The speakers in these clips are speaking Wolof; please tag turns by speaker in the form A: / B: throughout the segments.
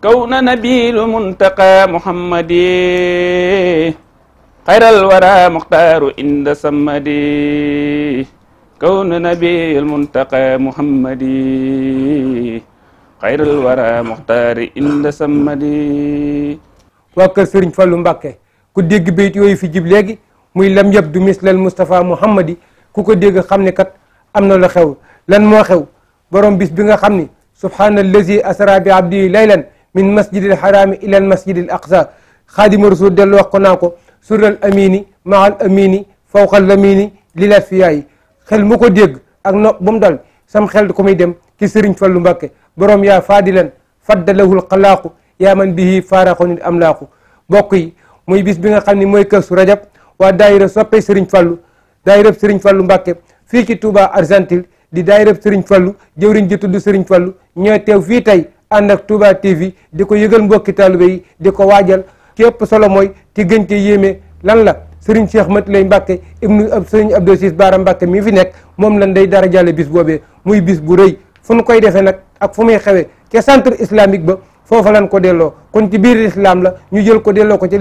A: كون na منتقى محمدي خير الورى مختار عند سمدي كون نبي المنتقى محمدي خير الورى مختار عند سمدي waa kër
B: ku dégg bayit fi jib léegi muy lam yëpp du mislal Moustapha Mouhamadi ku ko dégg xam ne kat am na la xew lan moo xew borom bis bi nga ni subhaanallazi asra laylan min masjidil xaraami ila al masjidil aqsa xaadima rasul dellu wax ko naa ko surral amini maal amini fawqal lamini lilaat fiyaayi xel mu ko dégg ak no ba mu dal sam xel ko muy dem ci sëriñ Fallu Mbàkke boroom yaa faadilan faddalahul xalaaqu yaa man bihi faaraxonil amlaaqu bokk yi muy bis bi nga xam ne mooy Kazu Rajab waa daayira soppe sëriñ Fallu daayirab sëriñ Fallu Mbàkke fii ci Touba Argentine di daayirab sëriñ Fallu jëwriñ ji tudd sëriñ Fallu fii tey ànd ak Touba TV di ko yëgal mbokki taalibe yi di ko waajal képp solo mooy ci gën ci yéeme lan la sëriñ Cheikh Mat lay Mbàkke ibnu sëriñ Abdou Sis Baara Mbàkke mi fi nekk moom lañ day dara jàlle bis boobee muy bis bu rëy fu nu koy defee nag ak fu muy xewee ca centre islamique ba foofa lan ko delloo kon ci biir islam la ñu jël ko delloo ko ca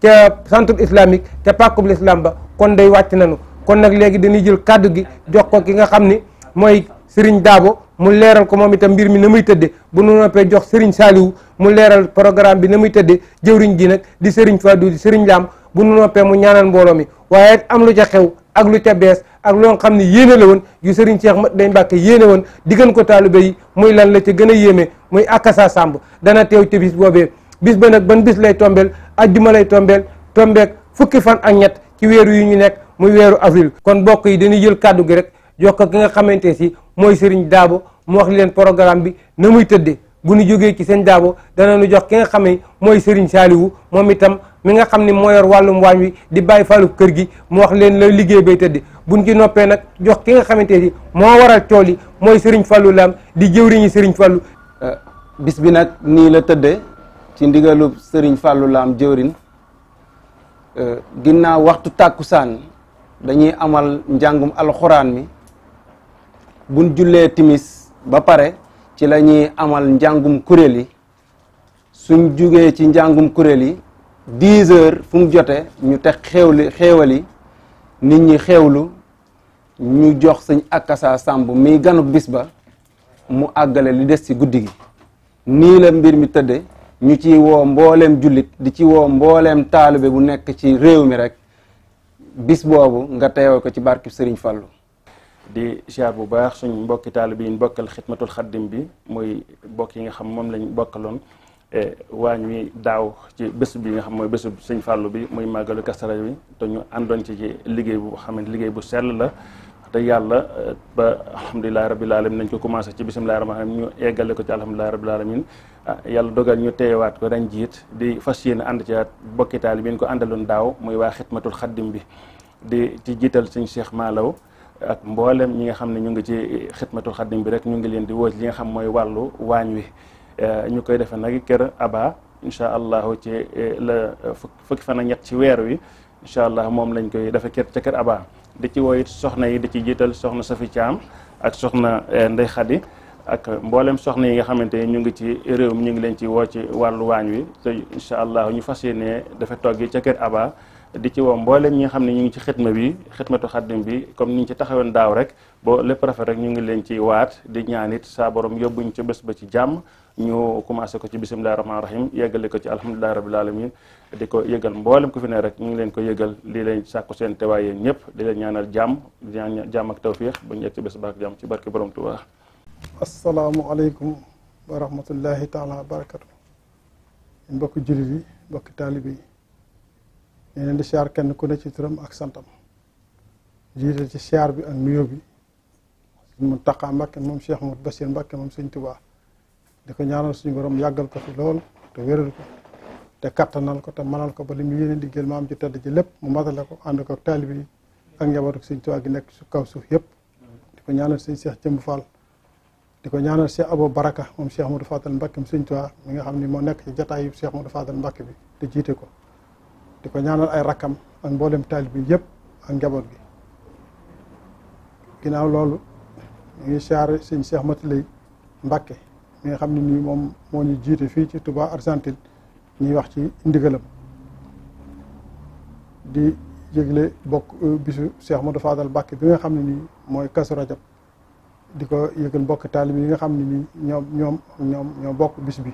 B: ca centre islamique ca pàkkub l'islam ba kon day wàcc nanu kon nag léegi dañuy jël kàddu gi jox ko ki nga xam ni mooy sëriñ Daabo mu leeral ko moom itam mbir mi na muy tëddee bu nu noppee jox Serigne Saliou mu leeral programme bi na muy tëddee jëwriñ ji nag di Serigne Fadou di Serigne Lam bu nu noppee mu ñaanal mbooloo mi waaye am lu ca xew ak lu ca bees ak loo xam ne yéene la woon yu Serigne seex ma day Mbàkke yéene woon diggan ko taalibe yi muy lan la ca gën a yéeme muy akasa sàmb dana teew ci bis boobee bis ba nag ban bis lay tombeel ajjuma lay tombeel tombeek fukki fan ak ñett ci weeru yu ñu nekk muy weeru avril kon mbokk yi dañuy jël kàddu gi rek jox ko nga xamante si mooy Serigne Daabo mu wax leen programme bi na muy tëddee bu ñu jógee ci seen Daabo dana nu jox ki nga xam mooy Serigne Saliou moom itam mi nga xam ni moo wàllum waañ wi di bàyyi faalu kër gi mu wax leen la liggéey bay bu buñ ci noppee nag jox ki nga xamante ni moo waral tool yi mooy Serigne Fallou Lam di jëwriñu Serigne Fallou. Euh, bis bi nag nii la tëddee ci ndigalu Serigne Fallou Lam jëwriñ euh, ginnaaw waxtu tàkkusaan dañuy amal njàngum alxuraan mi. buñ jullee timis ba pare ci lañuy amal njàngum kuréel yi suñ jugee ci njàngum kuréel yi dix heures fu jote ñu tex xéewli xéewal yi nit ñi xewlu ñu jox sëñ akasa sàmb mi ganu bis ba mu àggale li des ci guddi gi nii la mbir mi tëdde ñu ci woo mbooleem jullit di ci woo mbooleem taalibe bu nekk ci réew
A: mi rekk bis boobu nga teewee ko ci barki sëriñ Fallu di ziar bu baax suñ mbokki taalibe yi ñu bokkal xidmatul xaddim bi muy bokk yi nga xam moom lañ bokkaloon e waañ wi daaw ci bés bi nga xam mooy bésu suñ fàllu bi muy màggalu kastara bi te ñu àndoon ci ci liggéey bu xam ne liggéey bu sell la te yàlla ba alhamdulilahi rabil alamin nañ ko commencé ci bisimilahi rahmaani rahim ñu eggale ko ci alhamdulilahi rabil alamin ah, yàlla dogal ñu teewaat ko ren jiit di fas yéene ànd ci bokki taalibe yi ñu ko àndaloon daaw muy waa xidmatul xaddim bi di ci jiital sëñ Cheikh Maalaw ak mbooleem ñi nga xam ne ñu ngi ci xidmatul xaddim bi rek ñu ngi leen di woo li nga xam mooy wàllu waañ wi eh, ñu koy defee nag kër abaa incha allah ci eh, la fukki fan ak ñett ci weer wi incha allah moom lañ koy defee kër ca kër aba di ci woo it soxna yi di ci jiital soxna Safi Thiam ak soxna eh, Ndey Xadi ak mboolem soxna yi nga xamante ni ñu ngi ci réew mi ñu ngi leen ci woo ci wàllu waañ wi te incha allah ñu fas yéene dafa togg ca kër aba di ci woo mboolem ñi nga xam ne ñu ngi ci xitma bi xitmatu xaddim bi comme ni ñu ci taxawoon daaw rek ba lépp rafet rek ñu ngi leen ci waat di ñaan it saa borom yóbbuñ ca bés ba ci jàmm ñu commencé ko ci bisimilah rahmaani rahim yeggale ko ci alhamdulilah rabil alamin di ko yëgal mboolem ku fi ne rek ñu ngi leen ko yégal lii leen sàkku seen teewaay yéen ñëpp di leen ñaanal jàmm di ñaan jàmm ak tawfiix ba ñu yegg ci bés ba ak jàmm ci barke borom Tuubaa.
C: asalaamualeykum wa rahmatullahi taala wa barakatu mbokk jullit yi mbokk taalibe yi ñu leen di siyaar kenn ku ne ci turam ak santam jiital ci siyaar bi ak nuyoo bi mu mun taqaa Mbàkke moom Cheikh Mut Basiir Mbàkke moom Sëñ Tuubaa di ko ñaanal suñu borom yàggal ko lool te wéral ko te kattanal ko te manal ko ba li mu yéene diggéel maam ci tedd ji lépp mu matale ko ànd ko ak taalibe yi ak njabootu Sëñ Tuubaa gi nekk su kaw suuf yëpp di ko ñaanal Sëñ Cheikh Jëmb Fall di ko ñaanal Cheikh Abo Baraka moom Cheikh mu Fadal Mbàkke moom Sëñ Tuubaa mi nga xam ne moo nekk ci jataay yi Cheikh Modou Fadal Mbàkke bi te jiite ko di ko ñaanal ay rakkam ak mboolem taalib yi yëpp ak njaboot gi ginnaaw loolu ñu ngi siyaare sëñ Cheikh Matilay Mbacke mi nga xam ne nii moom moo ñu jiite fii ci Touba Argentine ñuy wax ci ndigalam di yëgle bokk euh, bisu Cheikh Modou Fadal Mbacke bi nga xam ne nii mooy Kazu Rajab di ko yëgal mbokk taalib yi nga xam ne nii ñoom ñoom ñoom ñoo bokk bis bi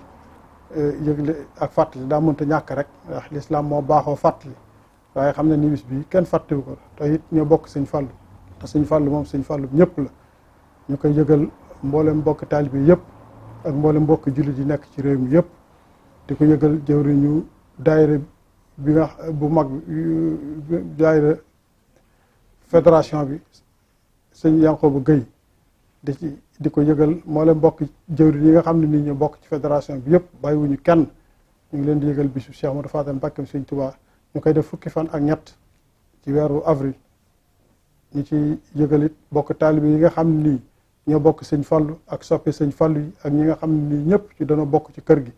C: Euh, yëgle ak fàttali daa mënta ñàkk rek ndax lislaam moo baaxoo fàttali waaye xam na ni bis bi kenn fàttiwu ko te it ñoo bokk sëñ fàllu te sëñ fàllu moom sëñ fàllu ñëpp la ñu ko yëgal mboolem mbokk taalibe yëpp ak mboolem mbokk jullit yi nekk ci réew mi yëpp di ko yëgal jëwriñu daayira bi nga bu mag daayira fédération bi sëñ Yankoba Gueye di ci di ko yëgal moo leen bokk jëwriñ yi nga xam ne nii ñu bokk ci fédération bi yëpp bàyyiwuñu kenn ñu ngi leen di yëgal bisu Cheikh Modou Fadel Mbacké Sëñ Tuubaa ñu koy def fukki fan ak ñett ci weeru avril ñu ci yëgalit bokk taalibe yi nga xam ni nii ñoo bokk sëñ Fallu ak soppe sëñ Fallu yi ak ñi nga xam nii ñëpp ci dana bokk ci kër gi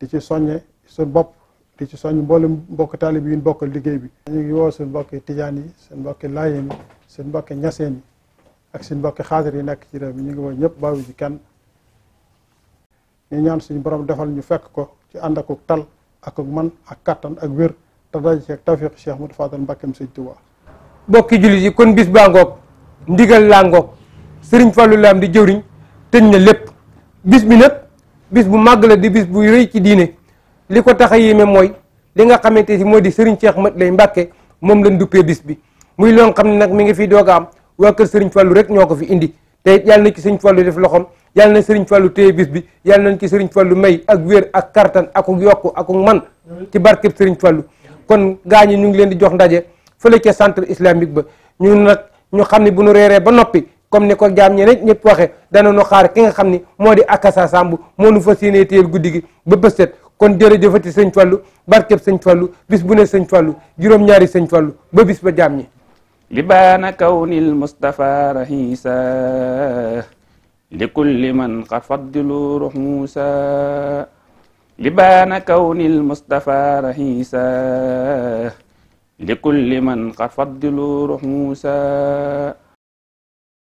C: di ci soññe suñ bopp di ci soññ mboolem mbokk taalibe yi ñu bokkal liggéey bi ñu ngi woo suñ mbokki tijaan yi suñ bokki laayeen yi suñ mbokki ñaseen yi ak suñ mbokki xaadir yi nekk ci réew mi ñu ngi woo ñëpp bàyyi ji kenn ñu ñaan suñu borom defal ñu fekk ko ci ànd akuk tal akuk man ak kattan ak wér te daje ci ak tawfiq Cheikh Modou Fadal Mbàkke Sëñ Tuubaa
B: mbokki jullit yi kon bis baa ngoog ndigal laa ngoog sëriñ Fallou Lam di jëwriñ tëj na lépp bis bi nag bis bu màgg la di bis bu rëy ci diine li ko tax a yéeme mooy li nga xamante si moo di sëriñ Cheikh Mat lay Mbàkke moom lañ duppee bis bi muy loon nag mi ngi fi doog am waa kër sëriñ fàllu rek ñoo ko fi indi te it yàlla na ci sëriñ fàllu def loxoom yàlla na sëriñ fàllu téye bis bi yàlla nañ ci sëriñ fàllu may ak wér ak kartan ak yokku ak man ci barkeb sëriñ fàllu kon gaa ñi ñu ngi leen di jox ndaje fële ca centre ba ñu nag ñu xam ne bu ñu reeree ba noppi comme ni ko jaam ñi rek ñëpp waxe dana nu xaar ki nga xam ni moo di akasa samb moo nu fas yéenee téyel guddi gi ba bës set kon jërëjëfati sëñ Fallu barkeb sëñ Fallu bis bu ne sëñ Fallu juróom-ñaari sëñ Fallu ba bis ba jaam ñi
A: libaana kawnil Mustafa rahiisa li kulli man qad faddilu ruux Muusa libaana kawnil Mustafa rahiisa li kulli man qad faddilu ruux Muusa